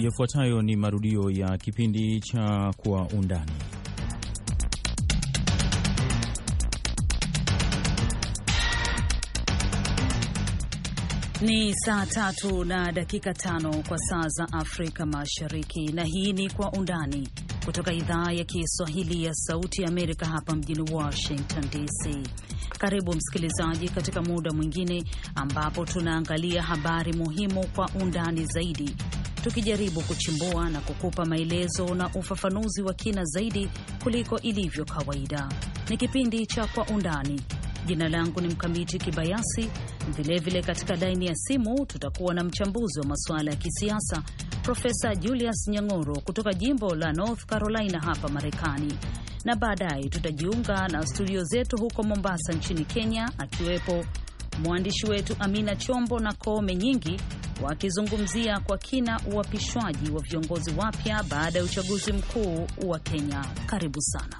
Yafuatayo ni marudio ya kipindi cha Kwa Undani. Ni saa tatu na dakika tano kwa saa za Afrika Mashariki, na hii ni Kwa Undani kutoka idhaa ya Kiswahili ya Sauti ya Amerika hapa mjini Washington DC. Karibu msikilizaji, katika muda mwingine ambapo tunaangalia habari muhimu kwa undani zaidi tukijaribu kuchimbua na kukupa maelezo na ufafanuzi wa kina zaidi kuliko ilivyo kawaida. Ni kipindi cha Kwa Undani. Jina langu ni Mkamiti Kibayasi. Vilevile katika laini ya simu tutakuwa na mchambuzi wa masuala ya kisiasa Profesa Julius Nyang'oro kutoka jimbo la North Carolina hapa Marekani, na baadaye tutajiunga na studio zetu huko Mombasa nchini Kenya, akiwepo mwandishi wetu Amina Chombo na koome nyingi wakizungumzia kwa kina uapishwaji wa viongozi wapya baada ya uchaguzi mkuu wa Kenya. Karibu sana.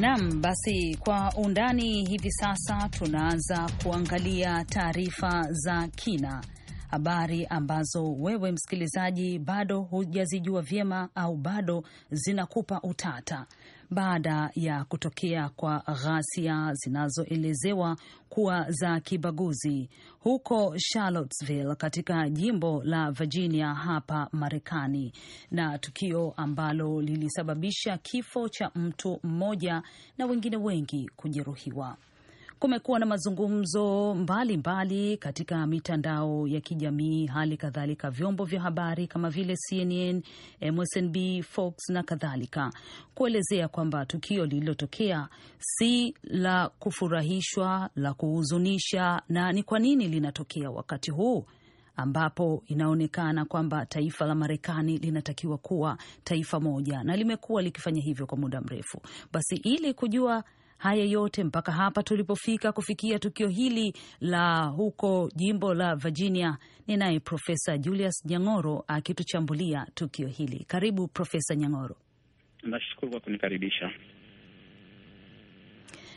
Nam, basi kwa undani hivi sasa tunaanza kuangalia taarifa za kina, habari ambazo wewe msikilizaji bado hujazijua vyema au bado zinakupa utata baada ya kutokea kwa ghasia zinazoelezewa kuwa za kibaguzi huko Charlottesville katika jimbo la Virginia hapa Marekani, na tukio ambalo lilisababisha kifo cha mtu mmoja na wengine wengi kujeruhiwa kumekuwa na mazungumzo mbalimbali mbali katika mitandao ya kijamii, hali kadhalika vyombo vya habari kama vile CNN, msnb Fox na kadhalika, kuelezea kwamba tukio lililotokea si la kufurahishwa, la kuhuzunisha, na ni kwa nini linatokea wakati huu ambapo inaonekana kwamba taifa la Marekani linatakiwa kuwa taifa moja na limekuwa likifanya hivyo kwa muda mrefu. Basi ili kujua Haya yote mpaka hapa tulipofika kufikia tukio hili la huko jimbo la Virginia. Ninaye Profesa Julius Nyang'oro akituchambulia tukio hili. Karibu Profesa Nyang'oro. Nashukuru kwa kunikaribisha.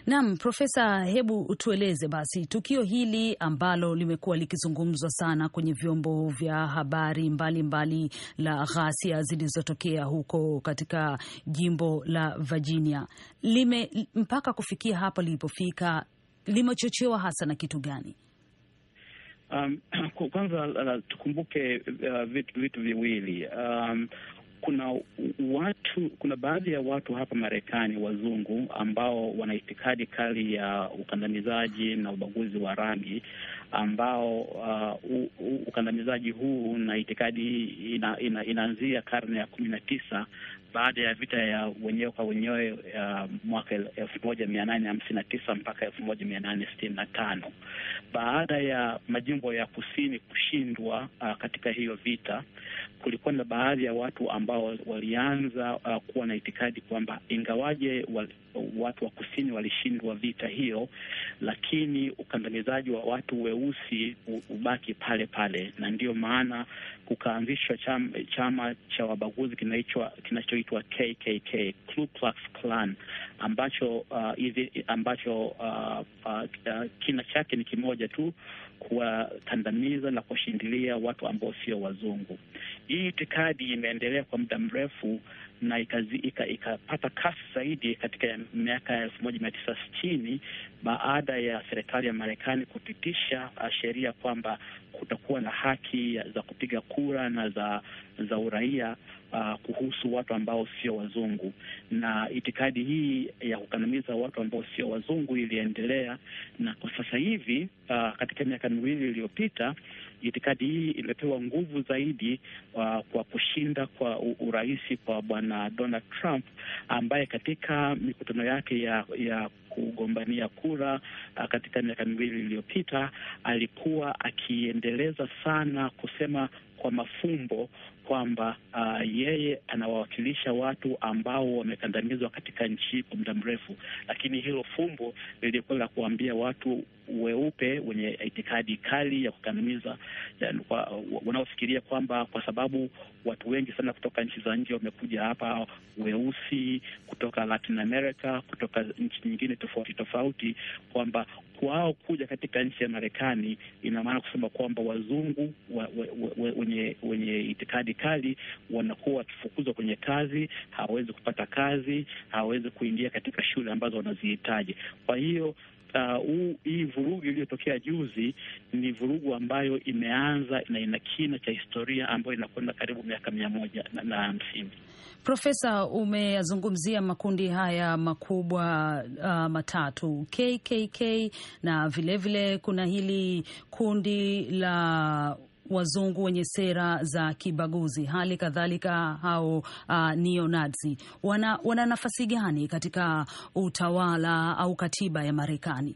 Naam, Profesa, hebu tueleze basi tukio hili ambalo limekuwa likizungumzwa sana kwenye vyombo vya habari mbalimbali mbali la ghasia zilizotokea huko katika jimbo la Virginia lime mpaka kufikia hapa lilipofika limechochewa hasa na kitu gani? Um, kwanza uh, tukumbuke uh, vitu vitu viwili um, kuna watu, kuna baadhi ya watu hapa Marekani wazungu ambao wana itikadi kali ya ukandamizaji na ubaguzi wa rangi, ambao uh, u, u, ukandamizaji huu na itikadi ina, ina, inaanzia karne ya kumi na tisa baada ya vita ya wenyewe kwa wenyewe ya um, mwaka elfu moja mia nane hamsini na tisa mpaka elfu moja mia nane sitini na tano baada ya majimbo ya kusini kushindwa uh, katika hiyo vita, kulikuwa na baadhi ya watu ambao walianza uh, kuwa na itikadi kwamba ingawaje watu wa kusini walishindwa vita hiyo, lakini ukandamizaji wa watu weusi ubaki pale pale, na ndiyo maana kukaanzishwa chama, chama cha wabaguzi kinachoitwa KKK, Ku Klux Klan, ambacho uh, hivi, ambacho uh, uh, kina chake ni kimoja tu kuwakandamiza na kuwashindilia watu ambao sio wazungu. Hii itikadi imeendelea kwa muda mrefu na ikapata ika, ika kasi zaidi katika miaka ya elfu moja mia tisa sitini baada ya serikali ya Marekani kupitisha uh, sheria kwamba kutakuwa na haki za kupiga kura na za za uraia uh, kuhusu watu ambao sio wazungu, na itikadi hii ya kukandamiza watu ambao sio wazungu iliendelea, na kwa sasa hivi uh, katika miaka miwili iliyopita itikadi hii imepewa nguvu zaidi uh, kwa kushinda kwa urais kwa bwana Donald Trump ambaye katika mikutano yake ya, ya kugombania kura uh, katika miaka miwili iliyopita alikuwa akiendeleza sana kusema kwa mafumbo kwamba uh, yeye anawawakilisha watu ambao wamekandamizwa katika nchi hii kwa muda mrefu, lakini hilo fumbo lilikuwa la kuambia watu weupe wenye itikadi kali ya kukandamiza wanaofikiria kwamba kwa sababu watu wengi sana kutoka nchi za nje wamekuja hapa, weusi kutoka Latin America, kutoka nchi nyingine tofauti tofauti, kwamba kwao kuja katika nchi ya Marekani ina maana kusema kwamba wazungu wenye wa, wa, wa, wenye wenye itikadi kali wanakuwa wakifukuzwa kwenye kazi, hawawezi kupata kazi, hawawezi kuingia katika shule ambazo wanazihitaji. Kwa hiyo Uh, hii vurugu iliyotokea juzi ni vurugu ambayo imeanza na ina kina cha historia ambayo inakwenda karibu miaka mia moja na hamsini. Profesa, umeyazungumzia makundi haya makubwa uh, matatu KKK na vilevile vile kuna hili kundi la wazungu wenye sera za kibaguzi, hali kadhalika hao uh, neonazi wana, wana nafasi gani katika utawala au katiba ya Marekani?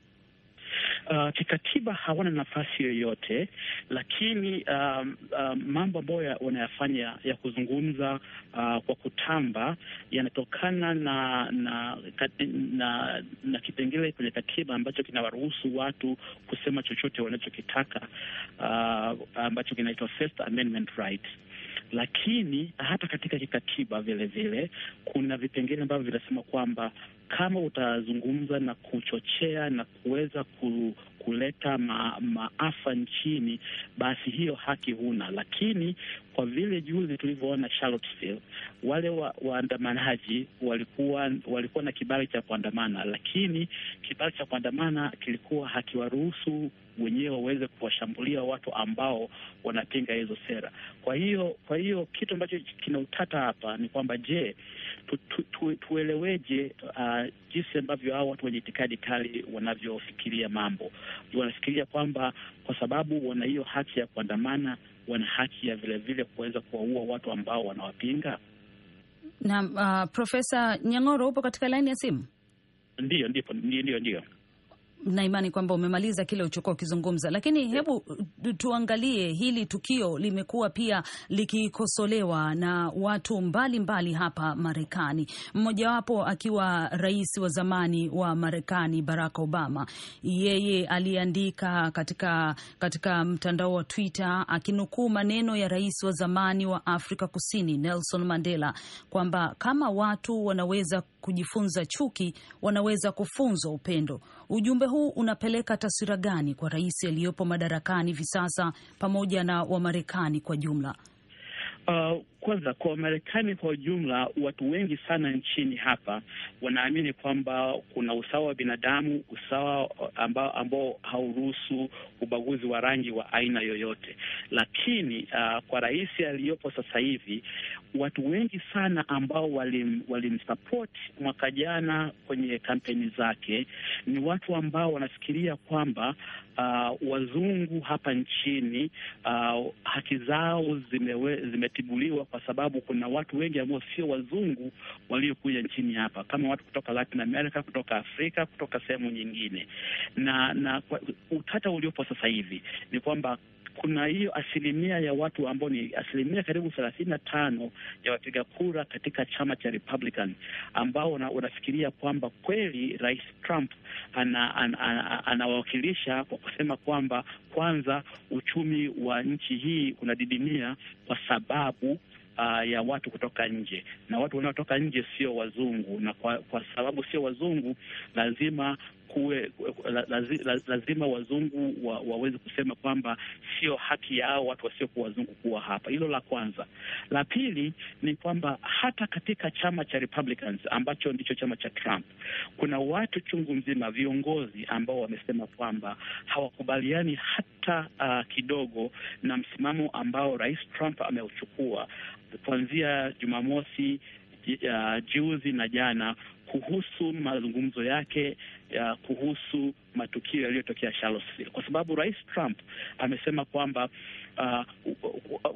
uh, kikatiba hawana nafasi yoyote, lakini uh, uh, mambo ambayo wanayafanya ya kuzungumza uh, kwa kutamba yanatokana na na, na, na kipengele kwenye katiba ambacho kinawaruhusu watu kusema chochote wanachokitaka uh, ambacho kinaitwa First Amendment right lakini hata katika kikatiba vile vile kuna vipengele ambavyo vinasema kwamba kama utazungumza na kuchochea na kuweza ku, kuleta ma, maafa nchini, basi hiyo haki huna. Lakini kwa vile juzi tulivyoona Charlottesville, wale wa, waandamanaji walikuwa walikuwa na kibali cha kuandamana, lakini kibali cha kuandamana kilikuwa hakiwaruhusu wenyewe waweze kuwashambulia watu ambao wanapinga hizo sera. Kwa hiyo kwa hiyo kitu ambacho kinautata hapa ni kwamba je, tu, tu, tu, tueleweje uh, jinsi ambavyo hao watu wenye itikadi kali wanavyofikiria mambo. Wanafikiria kwamba kwa sababu wana hiyo haki ya kuandamana, wana haki ya vilevile kuweza kuwaua watu ambao wanawapinga. nam uh, Profesa Nyang'oro, upo katika laini ya simu? Ndiyo, ndiyo, ndiyo, ndiyo na imani kwamba umemaliza kile ulichokuwa ukizungumza, lakini hebu tuangalie hili tukio. Limekuwa pia likikosolewa na watu mbalimbali mbali hapa Marekani, mmojawapo akiwa rais wa zamani wa Marekani Barack Obama. Yeye aliandika katika, katika mtandao wa Twitter akinukuu maneno ya rais wa zamani wa Afrika Kusini Nelson Mandela kwamba kama watu wanaweza kujifunza chuki, wanaweza kufunzwa upendo. Ujumbe huu unapeleka taswira gani kwa rais aliyopo madarakani hivi sasa pamoja na Wamarekani kwa jumla? Uh, kwanza kwa Wamarekani kwa ujumla, watu wengi sana nchini hapa wanaamini kwamba kuna usawa wa binadamu, usawa uh, ambao ambao hauruhusu ubaguzi wa rangi wa aina yoyote. Lakini uh, kwa rais aliyopo sasa hivi, watu wengi sana ambao walimsapoti wali mwaka jana kwenye kampeni zake ni watu ambao wanafikiria kwamba uh, wazungu hapa nchini uh, haki zao zimetibuliwa kwa kwa sababu kuna watu wengi ambao sio wazungu waliokuja nchini hapa, kama watu kutoka Latin America, kutoka Afrika, kutoka sehemu nyingine. Na na utata uliopo sasa hivi ni kwamba kuna hiyo asilimia ya watu ambao ni asilimia karibu thelathini na tano ya wapiga kura katika chama cha Republican ambao wanafikiria kwamba kweli Rais Trump anawakilisha ana, ana, ana kwa kusema kwamba kwanza uchumi wa nchi hii unadidimia kwa sababu uh, ya watu kutoka nje, na watu wanaotoka nje sio wazungu, na kwa, kwa sababu sio wazungu lazima kuwe lazima wazungu wa, waweze kusema kwamba sio haki yao watu wasiokuwa wazungu kuwa hapa. Hilo la kwanza. La pili ni kwamba hata katika chama cha Republicans ambacho ndicho chama cha Trump kuna watu chungu mzima, viongozi ambao wamesema kwamba hawakubaliani hata uh, kidogo na msimamo ambao Rais Trump ameuchukua kuanzia Jumamosi juzi na jana kuhusu mazungumzo yake ya kuhusu matukio yaliyotokea Charlottesville, kwa sababu Rais Trump amesema kwamba uh,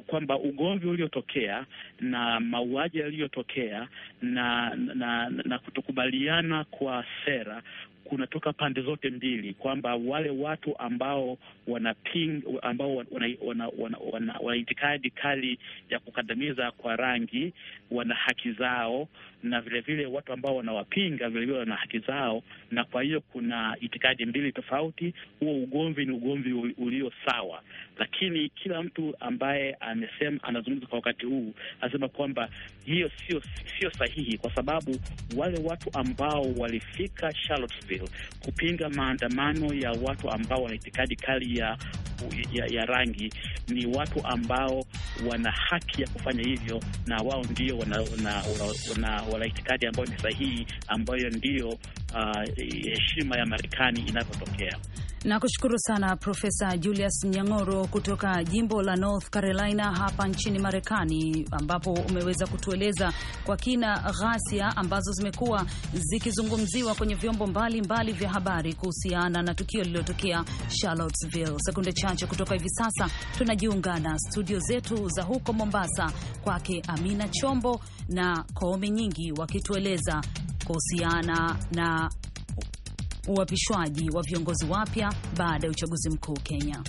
kwamba ugomvi uliotokea na mauaji yaliyotokea na na, na kutokubaliana kwa sera kunatoka pande zote mbili, kwamba wale watu ambao wanaping ambao wana, wana, wana, wana, wana itikadi kali ya kukandamiza kwa rangi wana haki zao, na vilevile vile watu ambao wanawapinga vilevile wana haki zao, na kwa hiyo kuna itikadi mbili tofauti. Huo ugomvi ni ugomvi ulio sawa, lakini kila mtu ambaye amesema anazungumza kwa wakati huu anasema kwamba hiyo sio sahihi, kwa sababu wale watu ambao walifika Charlottesville Brazil kupinga maandamano ya watu ambao wana itikadi kali ya, ya, ya rangi. Ni watu ambao wana haki ya kufanya hivyo, na wao ndio wana, wana, wana, wana itikadi ambayo ni sahihi, ambayo ndiyo ah, heshima uh, ya Marekani inavyotokea. Nakushukuru sana Profesa Julius Nyang'oro kutoka jimbo la North Carolina hapa nchini Marekani, ambapo umeweza kutueleza kwa kina ghasia ambazo zimekuwa zikizungumziwa kwenye vyombo mbalimbali vya habari kuhusiana na tukio lililotokea Charlottesville. Sekunde chache kutoka hivi sasa tunajiunga na studio zetu za huko Mombasa, kwake Amina Chombo na Koome Nyingi wakitueleza kuhusiana na uapishwaji wa viongozi wapya baada ya uchaguzi mkuu Kenya.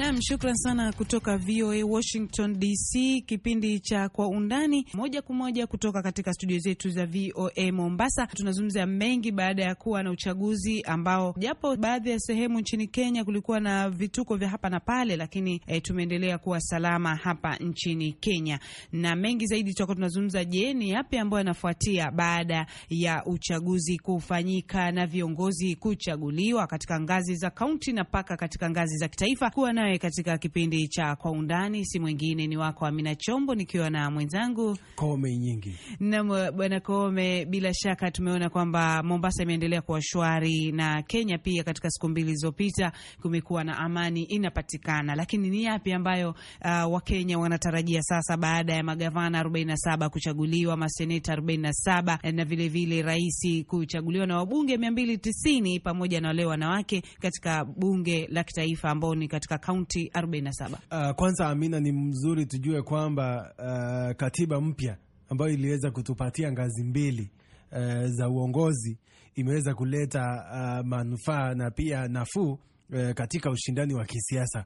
Nam, shukran sana kutoka VOA Washington DC, kipindi cha Kwa Undani, moja kwa moja kutoka katika studio zetu za VOA Mombasa. Tunazungumza mengi baada ya kuwa na uchaguzi ambao, japo baadhi ya sehemu nchini Kenya kulikuwa na vituko vya hapa na pale, lakini eh, tumeendelea kuwa salama hapa nchini Kenya, na mengi zaidi tutakuwa tunazungumza. Je, ni yapi ambayo yanafuatia baada ya uchaguzi kufanyika na viongozi kuchaguliwa katika ngazi za kaunti na mpaka katika ngazi za kitaifa kuwa na naye katika kipindi cha Kwa Undani si mwingine ni wako Amina Chombo, nikiwa na mwenzangu Kome Nyingi. Naam bwana Kome, bila shaka tumeona kwamba Mombasa imeendelea kuwa shwari na Kenya pia, katika siku mbili zilizopita kumekuwa na amani inapatikana, lakini ni yapi ambayo uh, Wakenya wanatarajia sasa baada ya magavana 47 kuchaguliwa, maseneta 47 na vilevile eh, rais kuchaguliwa na wabunge 290 pamoja na wale wanawake katika bunge la kitaifa ambao ni katika kaunti kaunti 47. Uh, kwanza Amina, ni mzuri tujue kwamba uh, katiba mpya ambayo iliweza kutupatia ngazi mbili uh, za uongozi imeweza kuleta uh, manufaa na pia nafuu uh, katika ushindani wa kisiasa.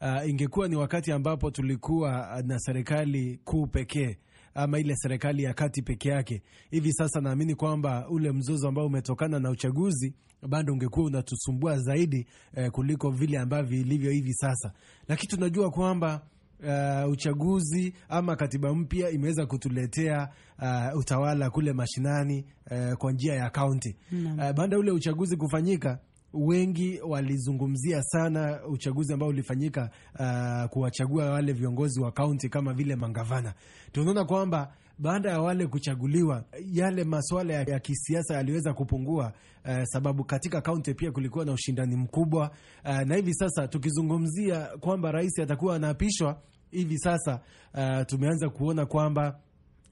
Uh, ingekuwa ni wakati ambapo tulikuwa uh, na serikali kuu pekee ama ile serikali ya kati peke yake. Hivi sasa naamini kwamba ule mzozo ambao umetokana na uchaguzi bado ungekuwa unatusumbua zaidi eh, kuliko vile ambavyo ilivyo hivi sasa, lakini tunajua kwamba Uh, uchaguzi ama katiba mpya imeweza kutuletea uh, utawala kule mashinani uh, kwa njia ya kaunti uh, baada ule uchaguzi kufanyika wengi walizungumzia sana uchaguzi ambao ulifanyika uh, kuwachagua wale viongozi wa kaunti kama vile mangavana. Tunaona kwamba baada ya wale kuchaguliwa yale masuala ya, ya kisiasa yaliweza kupungua, uh, sababu katika kaunti pia kulikuwa na ushindani mkubwa uh, na hivi sasa tukizungumzia kwamba rais atakuwa anaapishwa hivi sasa uh, tumeanza kuona kwamba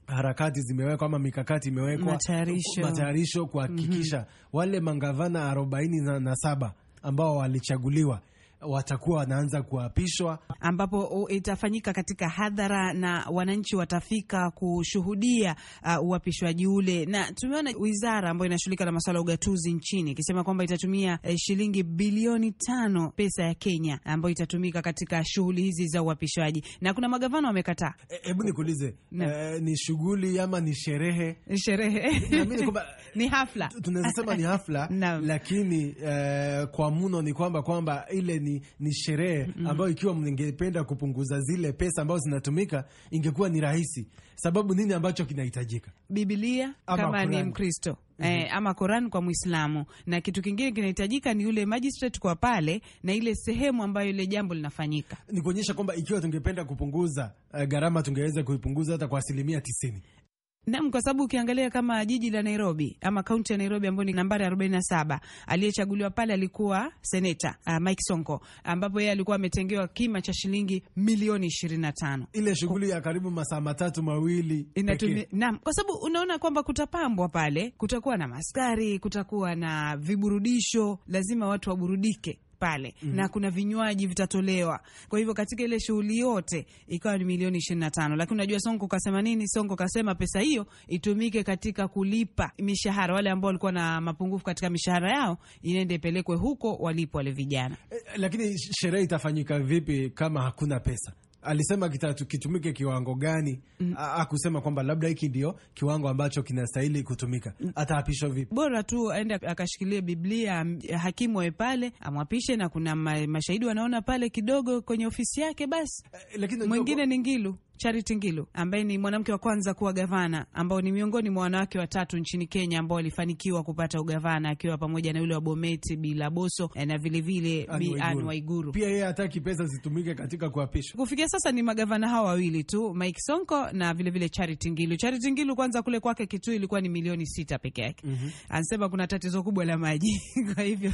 harakati zimewekwa ama mikakati imewekwa, matayarisho, kuhakikisha mm -hmm. wale mangavana arobaini na saba ambao walichaguliwa watakuwa wanaanza kuapishwa, ambapo itafanyika katika hadhara na wananchi watafika kushuhudia uapishwaji ule. Na tumeona wizara ambayo inashughulika na masuala ya ugatuzi nchini ikisema kwamba itatumia eh, shilingi bilioni tano pesa ya Kenya ambayo itatumika katika shughuli hizi za uapishwaji, na kuna magavana wamekataa. E, hebu e, nikuulize e, ni shughuli ama ni sherehe? Sherehe ni hafla, tunaweza sema ni hafla, lakini eh, kwa muno ni kwamba kwamba ile ni, ni sherehe ambayo ikiwa mngependa kupunguza zile pesa ambazo zinatumika ingekuwa ni rahisi. Sababu nini ambacho kinahitajika? Biblia ama kama Kurani. ni Mkristo Mm -hmm. E, ama Quran kwa Muislamu. Na kitu kingine kinahitajika ni yule magistrate kwa pale na ile sehemu ambayo ile jambo linafanyika. Ni kuonyesha kwamba ikiwa tungependa kupunguza uh, gharama tungeweza kuipunguza hata kwa asilimia tisini. Naam, kwa sababu ukiangalia kama jiji la Nairobi ama kaunti ya Nairobi ambayo ni nambari 47, aliyechaguliwa pale alikuwa seneta uh, Mike Sonko, ambapo yeye alikuwa ametengewa kima cha shilingi milioni 25. Ile shughuli ya karibu masaa matatu mawili inatumi, Naam, kwa sababu unaona kwamba kutapambwa pale, kutakuwa na maskari, kutakuwa na viburudisho, lazima watu waburudike pale mm -hmm. na kuna vinywaji vitatolewa. Kwa hivyo katika ile shughuli yote ikawa ni milioni 25, lakini unajua Sonko kasema nini? Sonko kasema pesa hiyo itumike katika kulipa mishahara wale ambao walikuwa na mapungufu katika mishahara yao, inaende ipelekwe huko walipo wale vijana. Eh, lakini sherehe itafanyika vipi kama hakuna pesa? alisema kitumike kiwango gani? mm Akusema kwamba labda hiki ndio kiwango ambacho kinastahili kutumika. Mm. Ataapishwa vipi? Bora tu aende akashikilie Biblia, hakimu awe pale amwapishe, na kuna mashahidi wanaona pale kidogo kwenye ofisi yake, basi. Eh, lakini mwingine ni Ngilu Charity Ngilu ambaye ni mwanamke wa kwanza kuwa gavana, ambao ni miongoni mwa wanawake watatu nchini Kenya ambao walifanikiwa kupata ugavana, akiwa pamoja na yule wa Bometi bila boso eh, na vilevile Bi Waiguru. Pia yeye hataki pesa zitumike katika kuapishwa. Kufikia sasa ni magavana hawa wawili tu, Mike Sonko na vilevile Charity Ngilu. Charity Ngilu kwanza kule kwake Kitui ilikuwa ni milioni sita peke yake. mm -hmm. Anasema kuna tatizo kubwa la maji kwa hivyo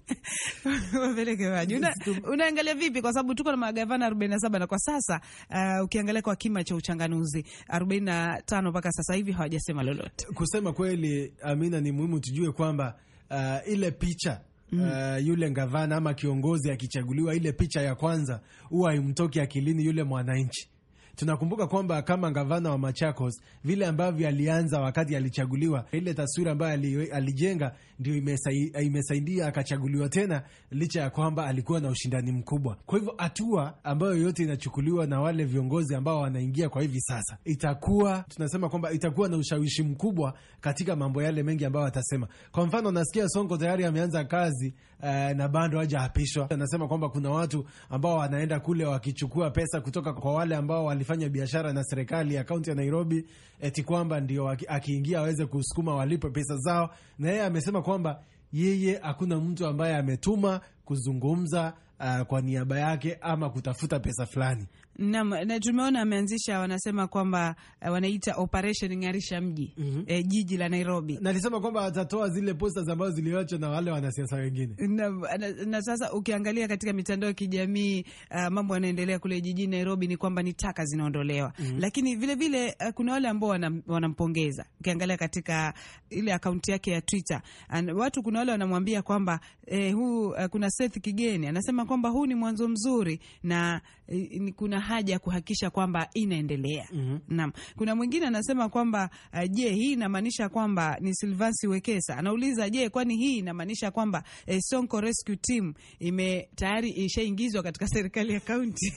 wapeleke maji. Una, unaangalia vipi? Kwa sababu tuko na magavana 47 na kwa sasa uh, uh, ukiangalia kwa kima cha uchanganuzi 45 mpaka sasa hivi hawajasema lolote. Kusema kweli, Amina, ni muhimu tujue kwamba uh, ile picha Mm. Uh, yule gavana ama kiongozi akichaguliwa, ile picha ya kwanza huwa imtoki akilini yule mwananchi. Tunakumbuka kwamba kama gavana wa Machakos, vile ambavyo alianza wakati alichaguliwa, ile taswira ambayo alijenga ndio imesaidia akachaguliwa tena, licha ya kwamba alikuwa na ushindani mkubwa. Kwa hivyo hatua ambayo yote inachukuliwa na wale viongozi ambao wanaingia kwa hivi sasa, itakuwa tunasema kwamba itakuwa na ushawishi mkubwa katika mambo yale mengi ambayo atasema. Kwa mfano, nasikia Sonko tayari ameanza kazi eh, na bado hajaapishwa. Anasema kwamba kuna watu ambao wanaenda kule wakichukua pesa kutoka kwa wale ambao wali akifanya biashara na serikali ya kaunti ya Nairobi, eti kwamba ndio akiingia aweze kusukuma walipe pesa zao, na yeye amesema kwamba yeye hakuna mtu ambaye ametuma kuzungumza uh, kwa niaba yake ama kutafuta pesa fulani. Naam, na tumeona ameanzisha, wanasema kwamba uh, wanaita operation ng'arisha mji mm -hmm. E, jiji la Nairobi, na alisema kwamba atatoa zile posters ambazo ziliachwa na wale wanasiasa wengine na, na, na sasa ukiangalia katika mitandao ya kijamii uh, mambo yanaendelea kule jijini Nairobi ni kwamba ni taka zinaondolewa mm -hmm. lakini vile vile uh, kuna wale ambao wanampongeza wana ukiangalia katika ile akaunti yake ya Twitter And watu kuna wale wanamwambia kwamba eh, huu uh, kuna Seth Kigeni anasema kwamba huu ni mwanzo mzuri na eh, kuna haja ya kuhakikisha kwamba inaendelea. mm -hmm. Naam, kuna mwingine anasema kwamba uh, je, hii inamaanisha kwamba ni Silvansi Wekesa anauliza, je, kwani hii inamaanisha kwamba eh, Sonko Rescue Team ime tayari ishaingizwa katika serikali ya kaunti?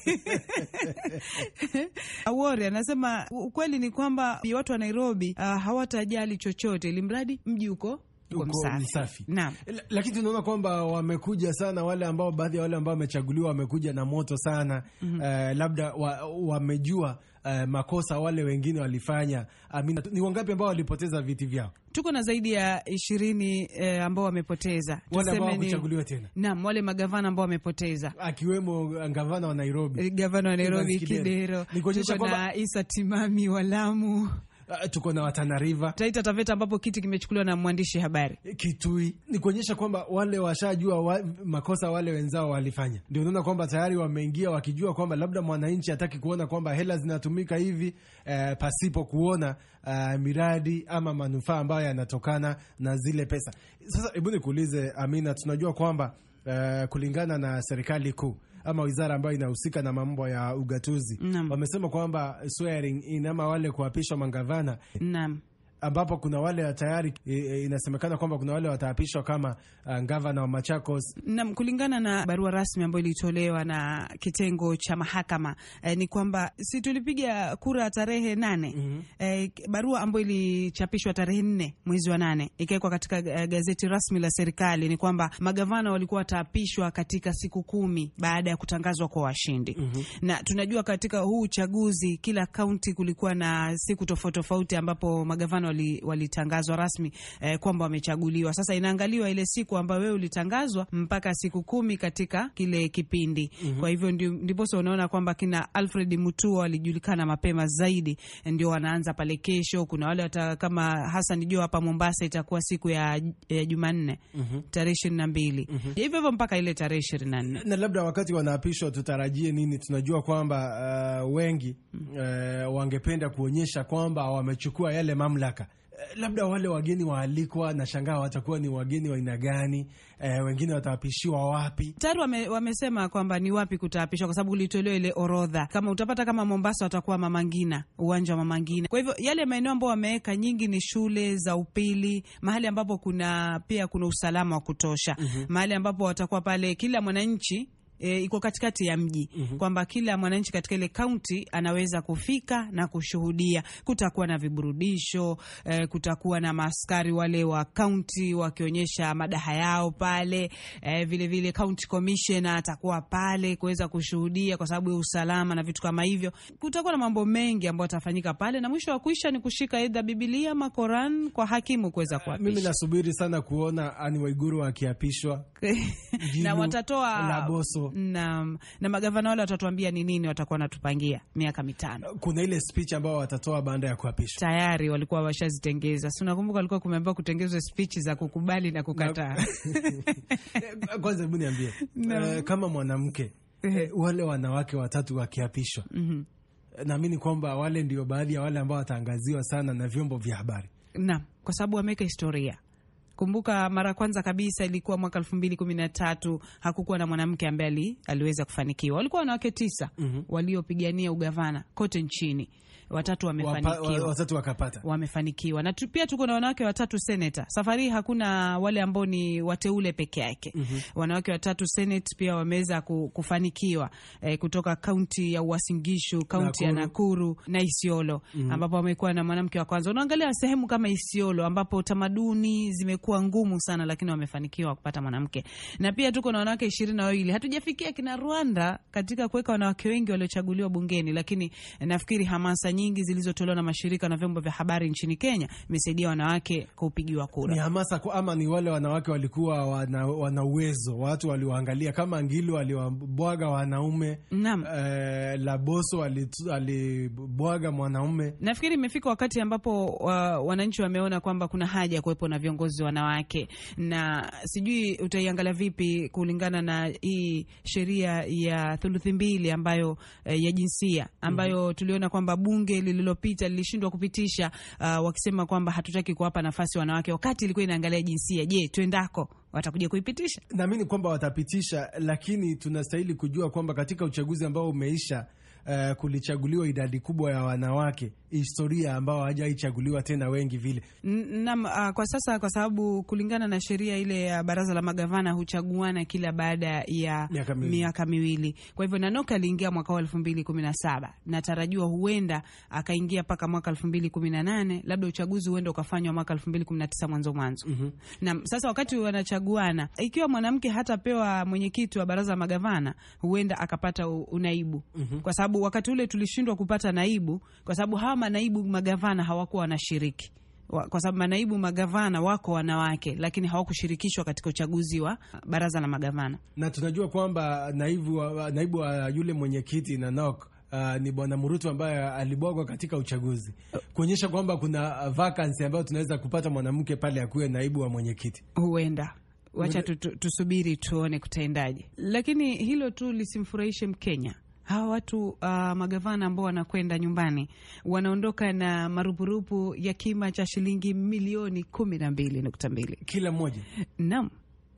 Awori uh, anasema ukweli ni kwamba watu wa Nairobi uh, hawatajali chochote, ili mradi mji uko lakini tunaona kwamba wamekuja sana wale ambao baadhi ya wale ambao wamechaguliwa wamekuja na moto sana mm -hmm. uh, labda wamejua wa Uh, eh, makosa wale wengine walifanya. Amina, ni wangapi ambao walipoteza viti vyao? Tuko na zaidi ya ishirini uh, ambao wamepoteza, wale ambao tena. Naam, wale magavana ambao wamepoteza, akiwemo gavana wa Nairobi, gavana wa Nairobi Kidero, Kidero. kwamba... na Isa Timami wa Lamu Eh, tuko na Watana River, Taita Taveta, ambapo kiti kimechukuliwa na mwandishi habari eh, Kitui. Ni kuonyesha kwamba wale washajua wa, makosa wale wenzao walifanya, ndio unaona kwamba tayari wameingia wakijua kwamba labda mwananchi hataki kuona kwamba hela zinatumika hivi eh, pasipo kuona eh, miradi ama manufaa ambayo yanatokana na zile pesa. Sasa hebu nikuulize Amina, tunajua kwamba eh, kulingana na serikali kuu ama wizara ambayo inahusika na mambo ya ugatuzi wamesema kwamba swearing in ama wale kuapishwa mangavana. Naam ambapo kuna wale tayari inasemekana kwamba kuna wale wataapishwa kama uh, gavana wa Machakos. Naam, kulingana na barua rasmi ambayo ilitolewa na kitengo cha mahakama e, ni kwamba si tulipiga kura tarehe nane mm -hmm. E, barua ambayo ilichapishwa tarehe nne mwezi wa nane ikawekwa katika eh, gazeti rasmi la serikali ni kwamba magavana walikuwa wataapishwa katika siku kumi baada ya kutangazwa kwa washindi mm -hmm. na tunajua katika huu uchaguzi kila kaunti kulikuwa na siku tofauti tofauti ambapo magavana walitangazwa wali rasmi eh, kwamba wamechaguliwa. Sasa inaangaliwa ile siku ambayo wewe ulitangazwa mpaka siku kumi katika kile kipindi mm -hmm. Kwa hivyo ndiposa unaona kwamba kina Alfred Mutua walijulikana mapema zaidi, ndio wanaanza pale kesho. Kuna wale wata, kama Hassan Jo hapa Mombasa itakuwa siku ya, ya Jumanne mm -hmm. tarehe ishirini na mbili mm -hmm. hivyo hivyo mpaka ile tarehe ishirini na nne na labda wakati wanaapishwa tutarajie nini? Tunajua kwamba uh, wengi uh, wangependa kuonyesha kwamba wamechukua yale mamlaka Eh, labda wale wageni waalikwa, nashangaa watakuwa ni wageni wa aina gani? E, wengine watawapishiwa wapi? Tayari wame, wamesema kwamba ni wapi kutaapishwa, kwa sababu ulitolewa ile orodha. Kama utapata kama Mombasa, watakuwa Mama Ngina, uwanja wa Mama Ngina. Kwa hivyo yale maeneo ambayo wameweka nyingi ni shule za upili, mahali ambapo kuna pia kuna usalama wa kutosha, mm -hmm. mahali ambapo watakuwa pale, kila mwananchi e, iko katikati ya mji mm -hmm. kwamba kila mwananchi katika ile kaunti anaweza kufika na kushuhudia. Kutakuwa na viburudisho e, kutakuwa na maaskari wale wa kaunti wakionyesha madaha yao pale e, vile vile county commissioner atakuwa pale kuweza kushuhudia kwa sababu ya usalama na vitu kama hivyo. Kutakuwa na mambo mengi ambayo atafanyika pale, na mwisho wa kuisha ni kushika aidha Biblia ama Koran kwa hakimu kuweza ah, kuapisha. Mimi nasubiri sana kuona ani Waiguru akiapishwa na watatoa Naam. na, magavana wale watatuambia ni nini watakuwa wanatupangia miaka mitano. Kuna ile speech ambayo watatoa baada ya kuapishwa, tayari walikuwa washazitengeza. Si unakumbuka walikuwa kumeambiwa kutengezwa speech za kukubali na kukataa. Kwanza hebu niambie no. Uh, eh, kama mwanamke uh, wale wanawake watatu wakiapishwa mm -hmm. naamini kwamba wale ndio baadhi ya wale ambao wataangaziwa sana na vyombo vya habari, naam, kwa sababu wameweka historia Kumbuka mara kwanza kabisa ilikuwa mwaka elfu mbili kumi na tatu hakukuwa na mwanamke ambaye aliweza kufanikiwa. Walikuwa wanawake tisa mm -hmm. waliopigania ugavana kote nchini watatu wamefanikiwa, watatu wakapata, wamefanikiwa. Na pia tuko na wanawake watatu seneta. Safari hii hakuna wale ambao ni wateule peke yake. mm -hmm. Wanawake watatu senate pia wameweza kufanikiwa eh, kutoka kaunti ya Uasingishu, kaunti ya Nakuru na Isiolo mm -hmm. ambapo wamekuwa na mwanamke wa kwanza. Unaangalia sehemu kama Isiolo ambapo tamaduni zimekuwa ngumu sana, lakini wamefanikiwa kupata mwanamke. Na pia tuko na wanawake ishirini na wawili. Hatujafikia kina Rwanda katika kuweka wanawake wengi waliochaguliwa bungeni, lakini nafikiri hamasa nyingi zilizotolewa na mashirika na vyombo vya habari nchini Kenya imesaidia wanawake kupigiwa kura. Ni hamasa kwa ama ni wale wanawake walikuwa wana, wana uwezo, watu waliwaangalia kama Ngilu aliwabwaga wanaume e, Laboso alibwaga mwanaume. Nafikiri imefika wakati ambapo wa, wananchi wameona kwamba kuna haja ya kuwepo na viongozi wanawake, na sijui utaiangalia vipi kulingana na hii sheria ya thuluthi mbili ambayo eh, ya jinsia ambayo mm -hmm. tuliona kwamba bunge bunge lililopita lilishindwa kupitisha uh, wakisema kwamba hatutaki kuwapa nafasi wanawake, wakati ilikuwa inaangalia jinsia. Je, tuendako watakuja kuipitisha? Naamini kwamba watapitisha, lakini tunastahili kujua kwamba katika uchaguzi ambao umeisha uh, kulichaguliwa idadi kubwa ya wanawake, historia ambao hawajaichaguliwa tena wengi vile. nam uh, ah, kwa sasa kwa sababu kulingana na sheria ile ya baraza la magavana huchaguana kila baada ya miaka miwili. Kwa hivyo Nanoka aliingia mwaka wa elfu mbili kumi na saba natarajiwa huenda akaingia mpaka mwaka elfu mbili kumi na nane labda uchaguzi huenda ukafanywa mwaka elfu mbili kumi na tisa mwanzo mwanzo. mm -hmm. Na sasa wakati wanachaguana, ikiwa mwanamke hatapewa mwenyekiti wa baraza la magavana, huenda akapata unaibu mm -hmm. kwa sababu sababu wakati ule tulishindwa kupata naibu kwa sababu hawa manaibu magavana hawakuwa wanashiriki kwa sababu manaibu magavana wako wanawake, lakini hawakushirikishwa katika uchaguzi wa baraza la magavana. Na tunajua kwamba naibu, naibu wa yule mwenyekiti NOK Uh, ni Bwana Murutu ambaye alibwagwa katika uchaguzi kuonyesha kwamba kuna vacancy ambayo tunaweza kupata mwanamke pale akuwe naibu wa mwenyekiti. Huenda wacha tusubiri tuone kutaendaje, lakini hilo tu lisimfurahishe Mkenya hawa watu uh, magavana ambao wanakwenda nyumbani wanaondoka na marupurupu ya kima cha shilingi milioni kumi na mbili nukta mbili kila mmoja. Naam,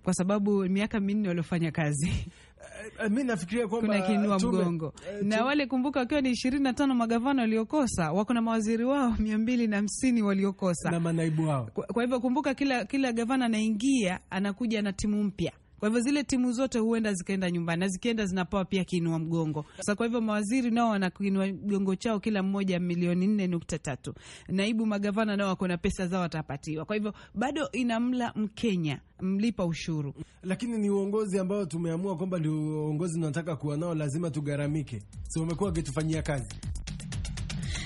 kwa sababu miaka minne waliofanya kazi eh, mi nafikiria kwamba kuna kiinua mgongo eh, na wale kumbuka, wakiwa ni ishirini na tano magavana waliokosa, wako na mawaziri wao mia mbili na hamsini waliokosa na manaibu wao. Kwa, kwa hivyo kumbuka, kila, kila gavana anaingia anakuja na timu mpya kwa hivyo zile timu zote huenda zikaenda nyumbani, na zikienda zinapewa pia kiinua mgongo. Sasa kwa hivyo mawaziri nao wana kiinua mgongo chao, kila mmoja milioni nne nukta tatu. Naibu magavana nao wako na pesa zao, watapatiwa. Kwa hivyo bado inamla Mkenya mlipa ushuru, lakini ni uongozi ambao tumeamua kwamba ndio uongozi tunataka kuwa nao, lazima tugaramike. So umekuwa wakitufanyia kazi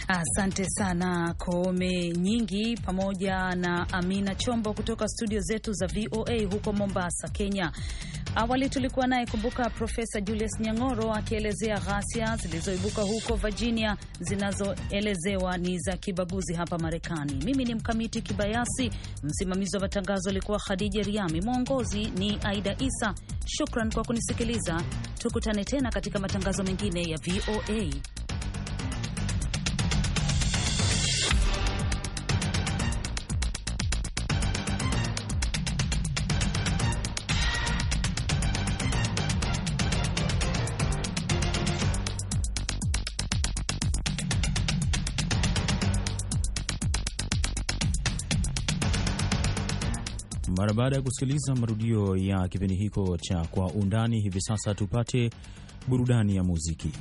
Asante sana Koome Nyingi pamoja na Amina Chombo kutoka studio zetu za VOA huko Mombasa, Kenya. Awali tulikuwa naye kumbuka, Profesa Julius Nyang'oro akielezea ghasia zilizoibuka huko Virginia zinazoelezewa ni za kibaguzi hapa Marekani. Mimi ni Mkamiti Kibayasi, msimamizi wa matangazo alikuwa Khadija Riami, mwongozi ni Aida Isa. Shukran kwa kunisikiliza, tukutane tena katika matangazo mengine ya VOA. Mara baada ya kusikiliza marudio ya kipindi hiko cha Kwa Undani, hivi sasa tupate burudani ya muziki.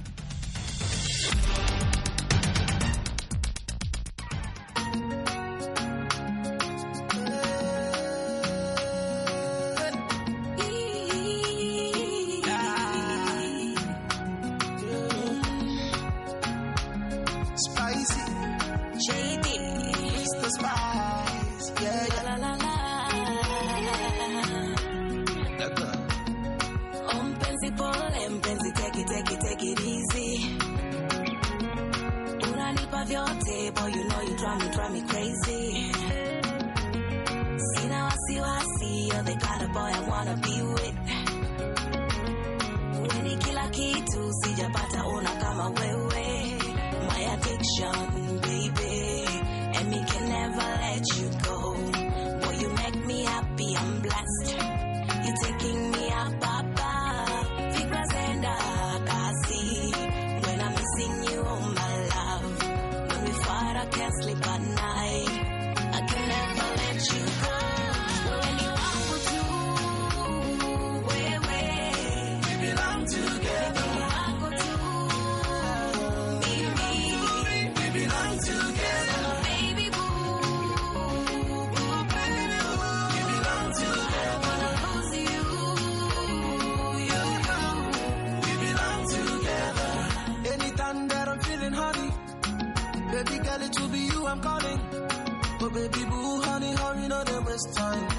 pole mpenzi, take it, take it, take it easy. Unanipa vyote boy, you know you drive me, drive me crazy. Sina wasiwasi, you're the kind of boy I wanna be with. Weni kila kitu sijapata, una kama wewe, my addiction this time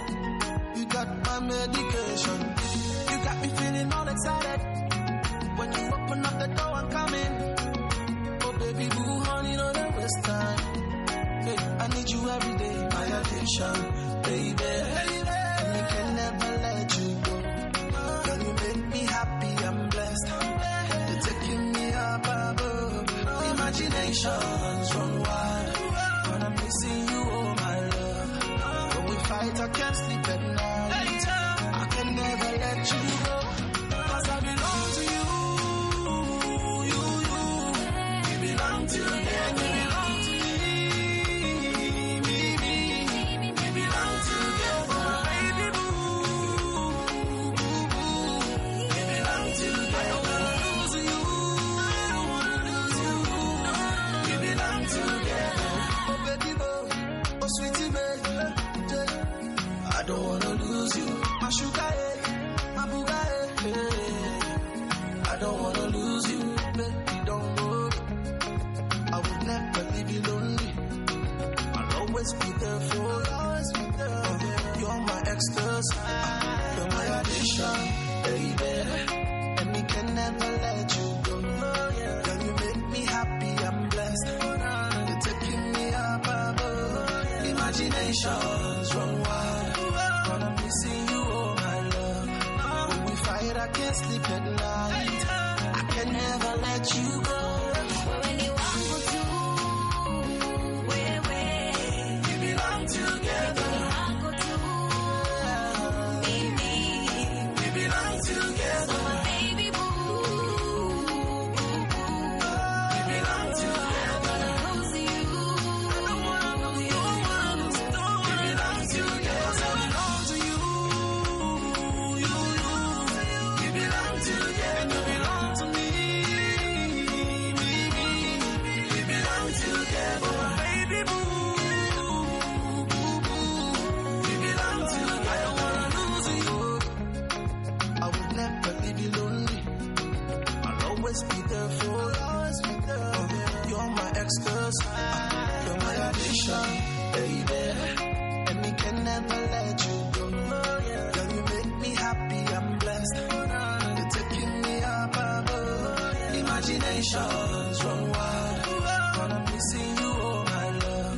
imaginations run wild. But I'm missing you, oh my love.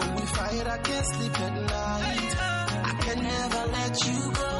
When we fight, I can't sleep at night. I can never let you go.